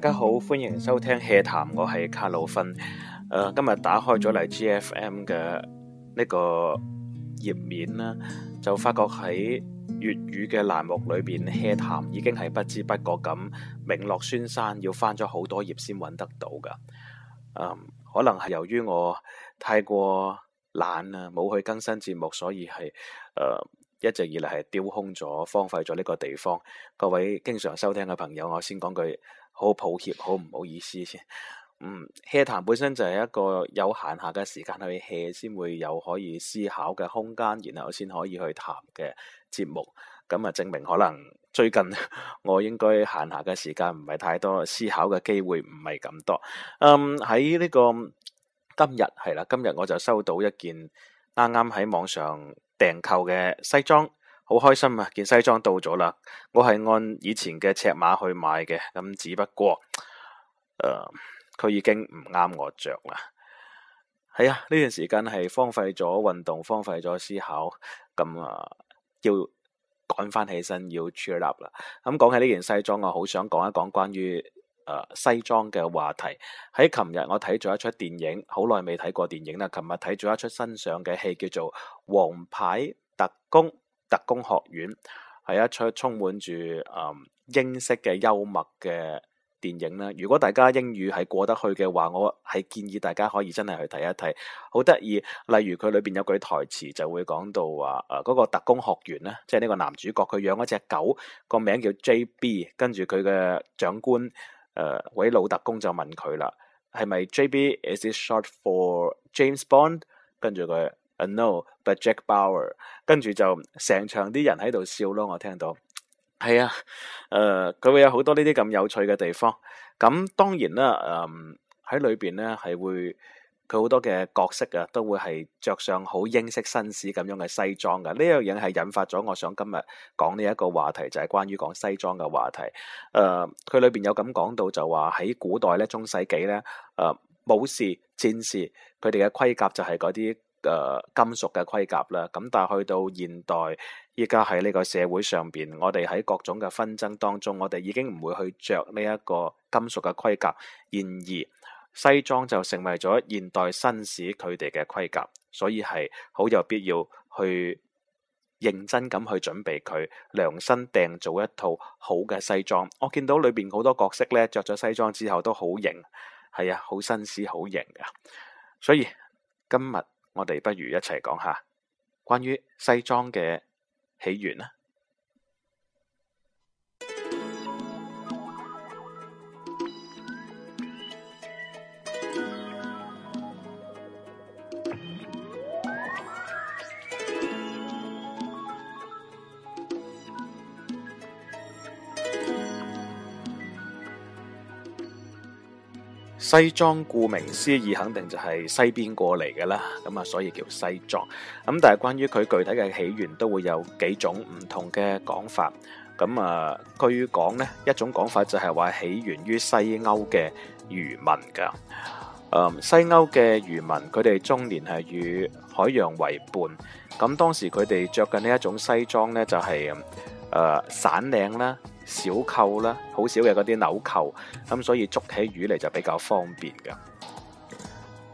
大家好，歡迎收聽、《侃談》，我係卡魯芬。誒、呃，今日打開咗嚟 GFM 嘅呢個頁面啦，就發覺喺粵語嘅欄目裏邊，《侃談》已經係不知不覺咁名落孫山，要翻咗好多頁先揾得到噶、呃。可能係由於我太過懶啊，冇去更新節目，所以係誒、呃、一直以嚟係丟空咗、荒廢咗呢個地方。各位經常收聽嘅朋友，我先講句。好抱歉，好唔好意思先。嗯，hea 談本身就係一個有閒暇嘅時間去 hea 先會有可以思考嘅空間，然後先可以去談嘅節目。咁啊，證明可能最近我應該閒暇嘅時間唔係太多，思考嘅機會唔係咁多。嗯，喺呢個今日係啦，今日我就收到一件啱啱喺網上訂購嘅西裝。好開心啊！件西裝到咗啦，我係按以前嘅尺碼去買嘅，咁只不過，誒、呃，佢已經唔啱我着啦。係、哎、啊，呢段時間係荒廢咗運動，荒廢咗思考，咁啊、呃，要趕翻起身要 cheer up 啦。咁、嗯、講起呢件西裝，我好想講一講關於誒、呃、西裝嘅話題。喺琴日我睇咗一出電影，好耐未睇過電影啦。琴日睇咗一出新上嘅戲，叫做《王牌特工》。特工學院係一出充滿住誒、嗯、英式嘅幽默嘅電影啦。如果大家英語係過得去嘅話，我係建議大家可以真係去睇一睇，好得意。例如佢裏邊有句台詞就會講到話，誒，嗰個特工學員咧，即係呢個男主角佢養一隻狗，個名叫 JB。跟住佢嘅長官誒，位、呃、老特工就問佢啦：係咪 JB is it short for James Bond？跟住佢。no，but Jack Bauer，跟住，就成場啲人喺度笑咯，我聽到係啊，誒、呃，佢會有好多呢啲咁有趣嘅地方。咁當然啦，誒、呃，喺裏邊咧係會佢好多嘅角色啊，都會係着上好英式紳士咁樣嘅西裝嘅。呢樣嘢係引發咗我想今日講呢一個話題，就係、是、關於講西裝嘅話題。誒、呃，佢裏邊有咁講到就話喺古代咧，中世紀咧，誒、呃，武士、戰士，佢哋嘅盔甲就係嗰啲。誒，金屬嘅盔甲啦，咁但係去到現代，依家喺呢個社會上邊，我哋喺各種嘅紛爭當中，我哋已經唔會去着呢一個金屬嘅盔甲，然而西裝就成為咗現代紳士佢哋嘅盔甲，所以係好有必要去認真咁去準備佢，量身訂做一套好嘅西裝。我見到裏邊好多角色咧着咗西裝之後都好型，係啊，好紳士，好型啊，所以今日。我哋不如一齊講下關於西裝嘅起源啊。西裝顧名思義，肯定就係西邊過嚟嘅啦，咁啊，所以叫西裝。咁但係關於佢具體嘅起源，都會有幾種唔同嘅講法。咁啊，據講呢，一種講法就係話起源於西歐嘅漁民㗎。嗯，西歐嘅漁民，佢哋終年係與海洋為伴。咁當時佢哋著緊呢一種西裝呢，就係誒散領啦。小扣啦，好少嘅嗰啲紐扣，咁所以捉起魚嚟就比較方便嘅。誒、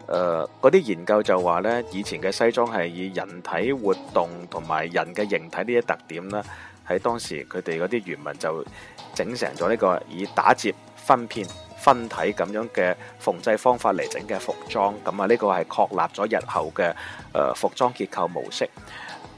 呃，嗰啲研究就話咧，以前嘅西裝係以人體活動同埋人嘅形體呢一特點啦，喺當時佢哋嗰啲漁民，就整成咗呢個以打褶、分片、分體咁樣嘅縫製方法嚟整嘅服裝，咁啊，呢個係確立咗日後嘅誒、呃、服裝結構模式。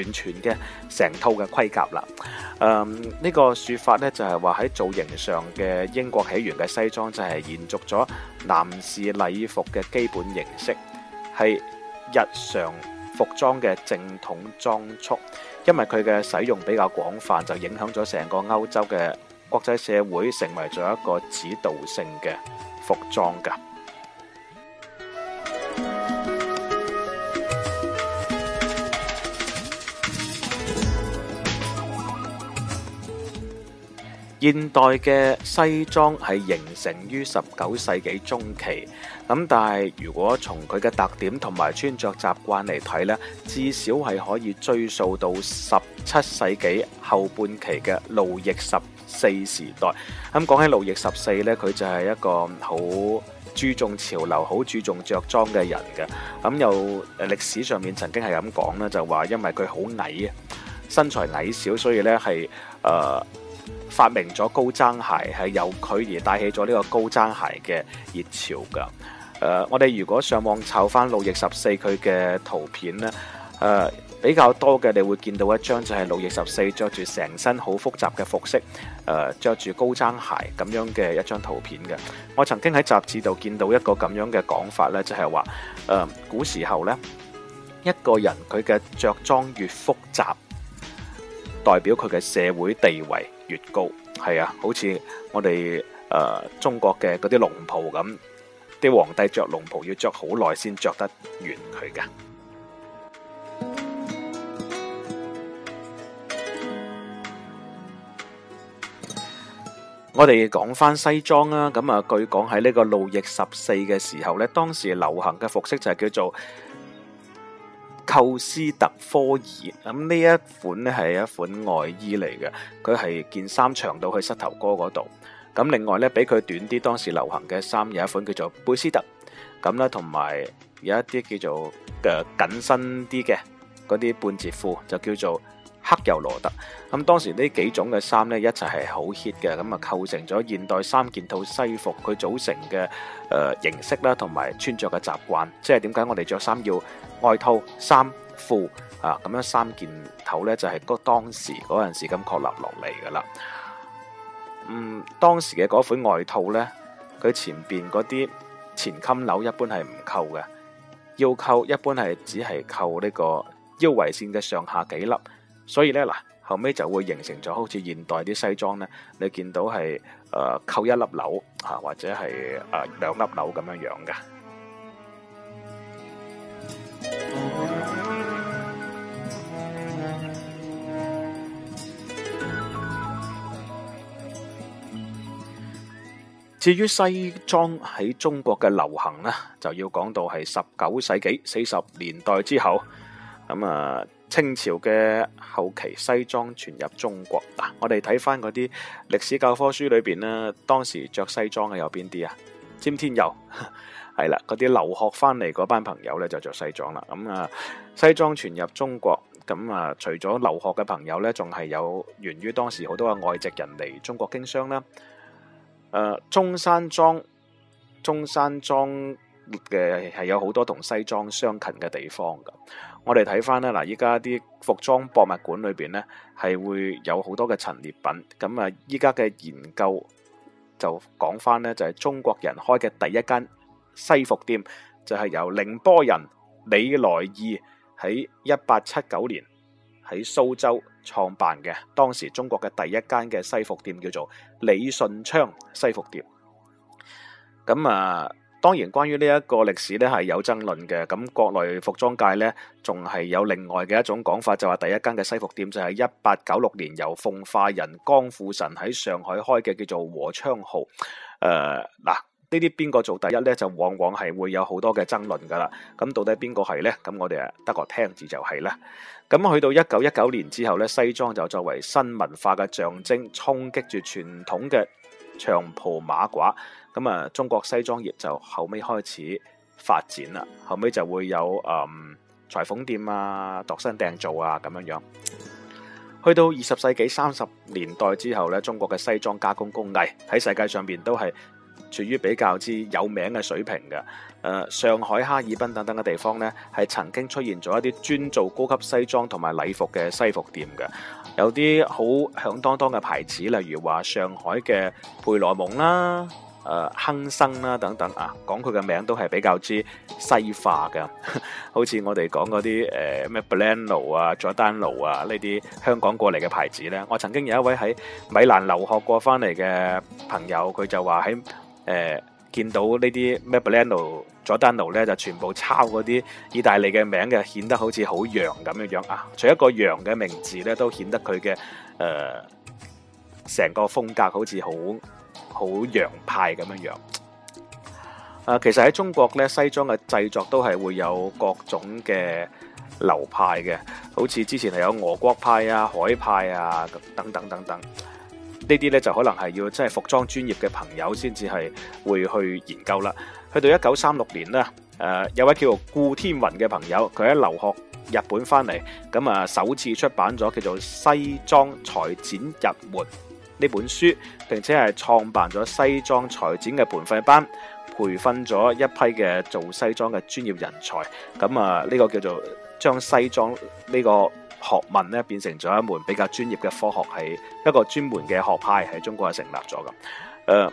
完全嘅成套嘅規格啦，誒、嗯、呢、呢個説法咧就係話喺造型上嘅英國起源嘅西裝就係延續咗男士禮服嘅基本形式，係日常服裝嘅正統裝束，因為佢嘅使用比較廣泛，就影響咗成個歐洲嘅國際社會，成為咗一個指導性嘅服裝㗎。現代嘅西裝係形成於十九世紀中期，咁但係如果從佢嘅特點同埋穿着習慣嚟睇呢，至少係可以追溯到十七世紀後半期嘅路易十四時代。咁講起路易十四呢，佢就係一個好注重潮流、好注重着裝嘅人嘅。咁又誒歷史上面曾經係咁講啦，就話因為佢好矮啊，身材矮小，所以呢係誒。呃發明咗高踭鞋，係由佢而帶起咗呢個高踭鞋嘅熱潮噶。誒、呃，我哋如果上網湊翻路易十四佢嘅圖片呢，誒、呃，比較多嘅你會見到一張就係路易十四着住成身好複雜嘅服飾，誒、呃，着住高踭鞋咁樣嘅一張圖片嘅。我曾經喺雜誌度見到一個咁樣嘅講法呢，就係、是、話，誒、呃，古時候呢，一個人佢嘅着裝越複雜。代表佢嘅社會地位越高，係啊，好似我哋誒、呃、中國嘅嗰啲龍袍咁，啲皇帝着龍袍要着好耐先着得完佢㗎。 我哋講返西裝啦，咁啊，據講喺呢個路易十四嘅時候呢，當時流行嘅服飾就係叫做。寇斯特科爾咁呢一款咧係一款外衣嚟嘅，佢係件衫長到去膝頭哥嗰度。咁另外咧比佢短啲，當時流行嘅衫有一款叫做貝斯特。咁咧同埋有一啲叫做腳緊身啲嘅嗰啲半截褲，就叫做。黑油羅德咁，當時呢幾種嘅衫咧一齊係好 hit 嘅，咁啊構成咗現代三件套西服佢組成嘅誒、呃、形式啦，同埋穿着嘅習慣。即係點解我哋着衫要外套、衫、褲啊咁樣三件套咧？就係嗰當時嗰陣時咁確立落嚟噶啦。嗯，當時嘅嗰款外套咧，佢前邊嗰啲前襟紐一般係唔扣嘅，要扣一般係只係扣呢個腰圍線嘅上下幾粒。所以咧嗱，後尾就會形成咗好似現代啲西裝咧，你見到係誒扣一粒紐嚇，或者係誒兩粒紐咁樣樣㗎。至於西裝喺中國嘅流行咧，就要講到係十九世紀四十年代之後咁啊。清朝嘅後期，西裝傳入中國嗱，我哋睇翻嗰啲歷史教科書裏邊呢，當時着西裝嘅有邊啲啊？詹天佑係啦，嗰 啲留學翻嚟嗰班朋友咧就着西裝啦。咁啊，西裝傳入中國，咁啊，除咗留學嘅朋友咧，仲係有源於當時好多嘅外籍人嚟中國經商啦。誒、呃，中山裝，中山裝嘅係有好多同西裝相近嘅地方噶。我哋睇翻咧，嗱，依家啲服裝博物館裏邊咧，係會有好多嘅陳列品。咁啊，依家嘅研究就講翻咧，就係中國人開嘅第一間西服店，就係由寧波人李來義喺一八七九年喺蘇州創辦嘅，當時中國嘅第一間嘅西服店叫做李順昌西服店。咁啊～當然，關於呢一個歷史咧係有爭論嘅。咁國內服裝界咧，仲係有另外嘅一種講法，就話、是、第一間嘅西服店就係一八九六年由奉化人江富臣喺上海開嘅，叫做和昌號。誒、呃、嗱，呢啲邊個做第一咧，就往往係會有好多嘅爭論噶啦。咁到底邊個係咧？咁我哋呀得個聽字就係啦。咁去到一九一九年之後咧，西裝就作為新文化嘅象徵，衝擊住傳統嘅長袍馬褂。咁啊，中國西裝業就後尾開始發展啦。後尾就會有誒、嗯、裁縫店啊、度身訂造啊咁樣樣。去到二十世紀三十年代之後咧，中國嘅西裝加工工藝喺世界上邊都係處於比較之有名嘅水平嘅。誒、呃，上海、哈爾濱等等嘅地方咧，係曾經出現咗一啲專做高級西裝同埋禮服嘅西服店嘅，有啲好響噹噹嘅牌子，例如話上海嘅培羅蒙啦。誒、呃、亨生啦、啊、等等啊，講佢嘅名都係比較之西化嘅，好似我哋講嗰啲誒咩布蘭奴啊、佐丹奴啊，呢啲香港過嚟嘅牌子咧。我曾經有一位喺米蘭留學過翻嚟嘅朋友，佢就話喺誒見到 Berno，呢啲咩布蘭奴、佐丹奴咧，就全部抄嗰啲意大利嘅名嘅，顯得好似好洋咁樣樣啊。除一個洋嘅名字咧，都顯得佢嘅成個風格好似好。好洋派咁樣樣，啊，其實喺中國咧，西裝嘅製作都係會有各種嘅流派嘅，好似之前係有俄國派啊、海派啊等等等等，呢啲咧就可能係要真係服裝專業嘅朋友先至係會去研究啦。去到一九三六年啦，誒有位叫做顧天雲嘅朋友，佢喺留學日本翻嚟，咁啊首次出版咗叫做《西裝裁剪入門》。呢本書，並且係創辦咗西裝裁剪嘅培訓班，培訓咗一批嘅做西裝嘅專業人才。咁啊，呢、這個叫做將西裝呢個學問咧，變成咗一門比較專業嘅科學，係一個專門嘅學派喺中國係成立咗嘅。誒、呃，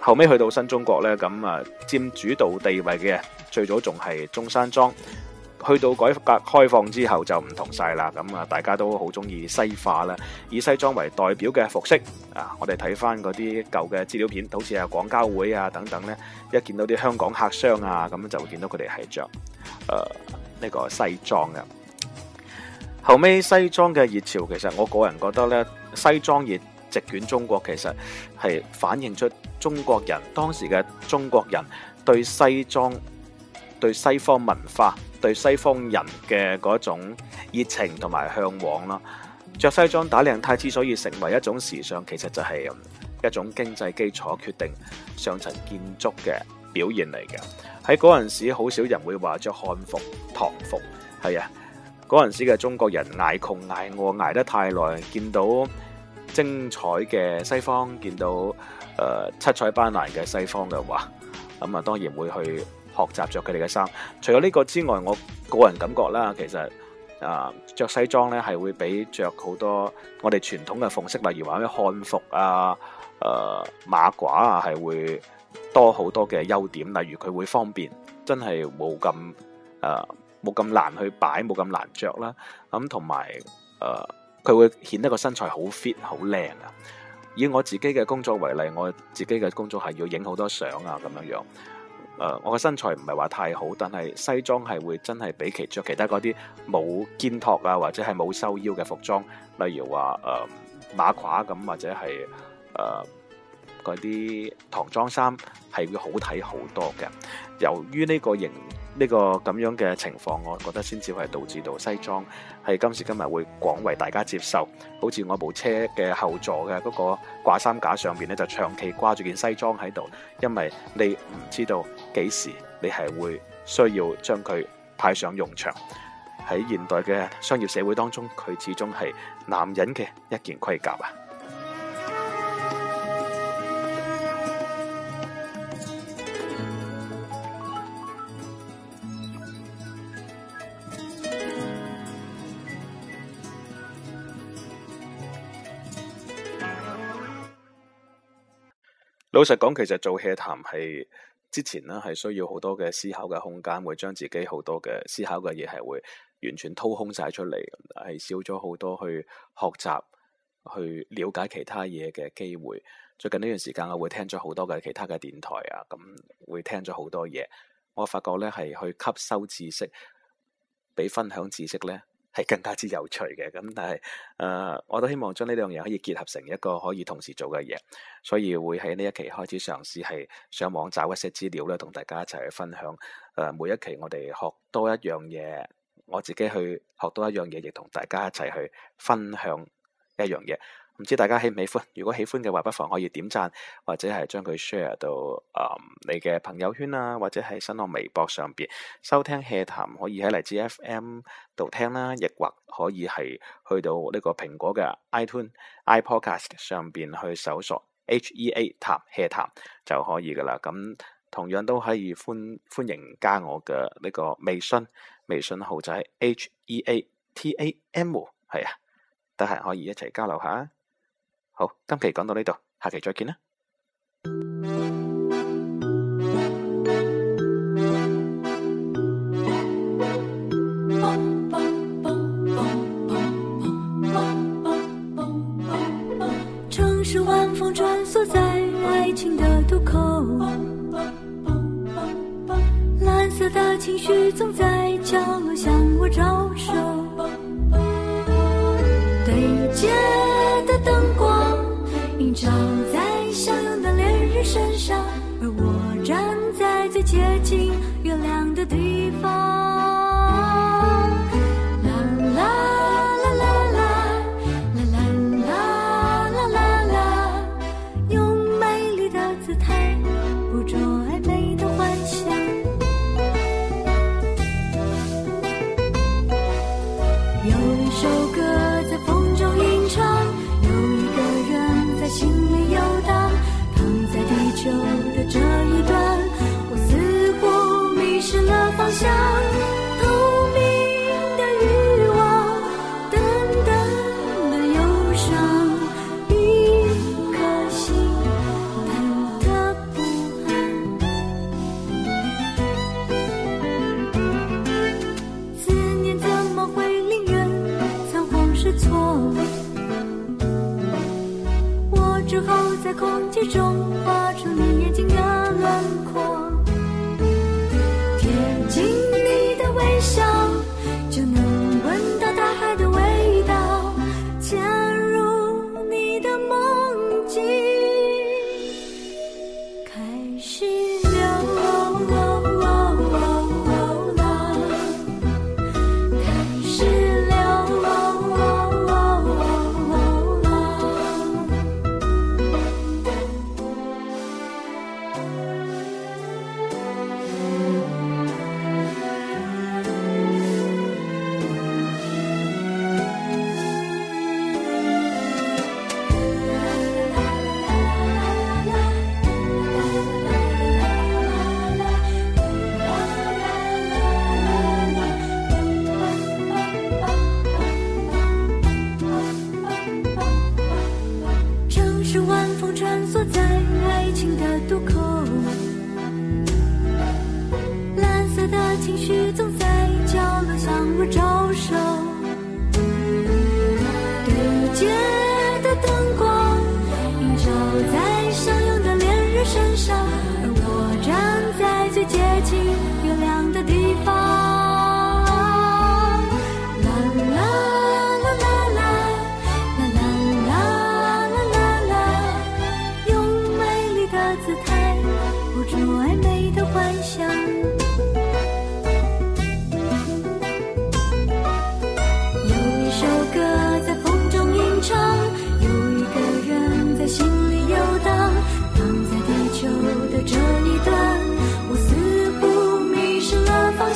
後尾去到新中國咧，咁啊佔主導地位嘅最早仲係中山裝。去到改革開放之後就唔同曬啦，咁啊大家都好中意西化啦，以西裝為代表嘅服飾啊，我哋睇翻嗰啲舊嘅資料片，好似啊廣交會啊等等咧，一見到啲香港客商啊，咁就會見到佢哋係著誒呢個西裝嘅。後尾西裝嘅熱潮，其實我個人覺得咧，西裝熱席捲中國，其實係反映出中國人當時嘅中國人對西裝，對西方文化、對西方人嘅嗰種熱情同埋向往啦，着西裝打領呔之所以成為一種時尚，其實就係一種經濟基礎決定上層建築嘅表現嚟嘅。喺嗰陣時，好少人會話着漢服、唐服。係啊，嗰陣時嘅中國人挨窮挨餓挨得太耐，見到精彩嘅西方，見到誒七彩斑斕嘅西方嘅話，咁啊，當然會去。學習着佢哋嘅衫，除咗呢個之外，我個人感覺啦，其實啊，著西裝咧係會比着好多我哋傳統嘅服飾，例如話咩漢服啊、誒馬褂啊，係、啊、會多好多嘅優點。例如佢會方便，真係冇咁誒冇咁難去擺，冇咁難着啦。咁同埋誒，佢、啊、會顯得個身材好 fit、好靚啊。以我自己嘅工作為例，我自己嘅工作係要影好多相啊，咁樣樣。誒、呃，我嘅身材唔係話太好，但係西裝係會真係比起著其他嗰啲冇肩托啊，或者係冇收腰嘅服裝，例如話誒、呃、馬褂咁，或者係誒嗰啲唐裝衫，係、呃、會好睇好多嘅。由於呢個型呢、這個咁樣嘅情況，我覺得先至係導致到西裝係今時今日會廣為大家接受。好似我部車嘅後座嘅嗰個掛衫架上邊咧，就長期掛住件西裝喺度，因為你唔知道。幾時你係會需要將佢派上用場？喺現代嘅商業社會當中，佢始終係男人嘅一件盔甲啊！老實講，其實做戲談係。之前呢係需要好多嘅思考嘅空間，會將自己好多嘅思考嘅嘢係會完全掏空晒出嚟，係少咗好多去學習、去了解其他嘢嘅機會。最近呢段時間，我會聽咗好多嘅其他嘅電台啊，咁會聽咗好多嘢，我發覺咧係去吸收知識，俾分享知識咧。係更加之有趣嘅，咁但係、呃，我都希望將呢兩樣可以結合成一個可以同時做嘅嘢，所以會喺呢一期開始嘗試係上網找一些資料咧，同大家一齊去分享。誒、呃，每一期我哋學多一樣嘢，我自己去學多一樣嘢，亦同大家一齊去分享一樣嘢。唔知大家喜唔喜歡？如果喜歡嘅話，不妨可以點讚或者係將佢 share 到誒、呃、你嘅朋友圈啊，或者係新浪微博上邊收聽，氣聽 iTune，面 -E。氣談可以喺嚟自 F.M. 度聽啦，亦或可以係去到呢個蘋果嘅 iTunes、iPodcast 上邊去搜索 H.E.A. 談氣談就可以噶啦。咁同樣都可以歡歡迎加我嘅呢個微信，微信號就係 H.E.A.T.A.M. 係啊，都係 -E、可以一齊交流下。好，今期講到呢度，下期再見啦。身上，而我站在最接近月亮。.錯，我只好在空氣中畫出你眼睛。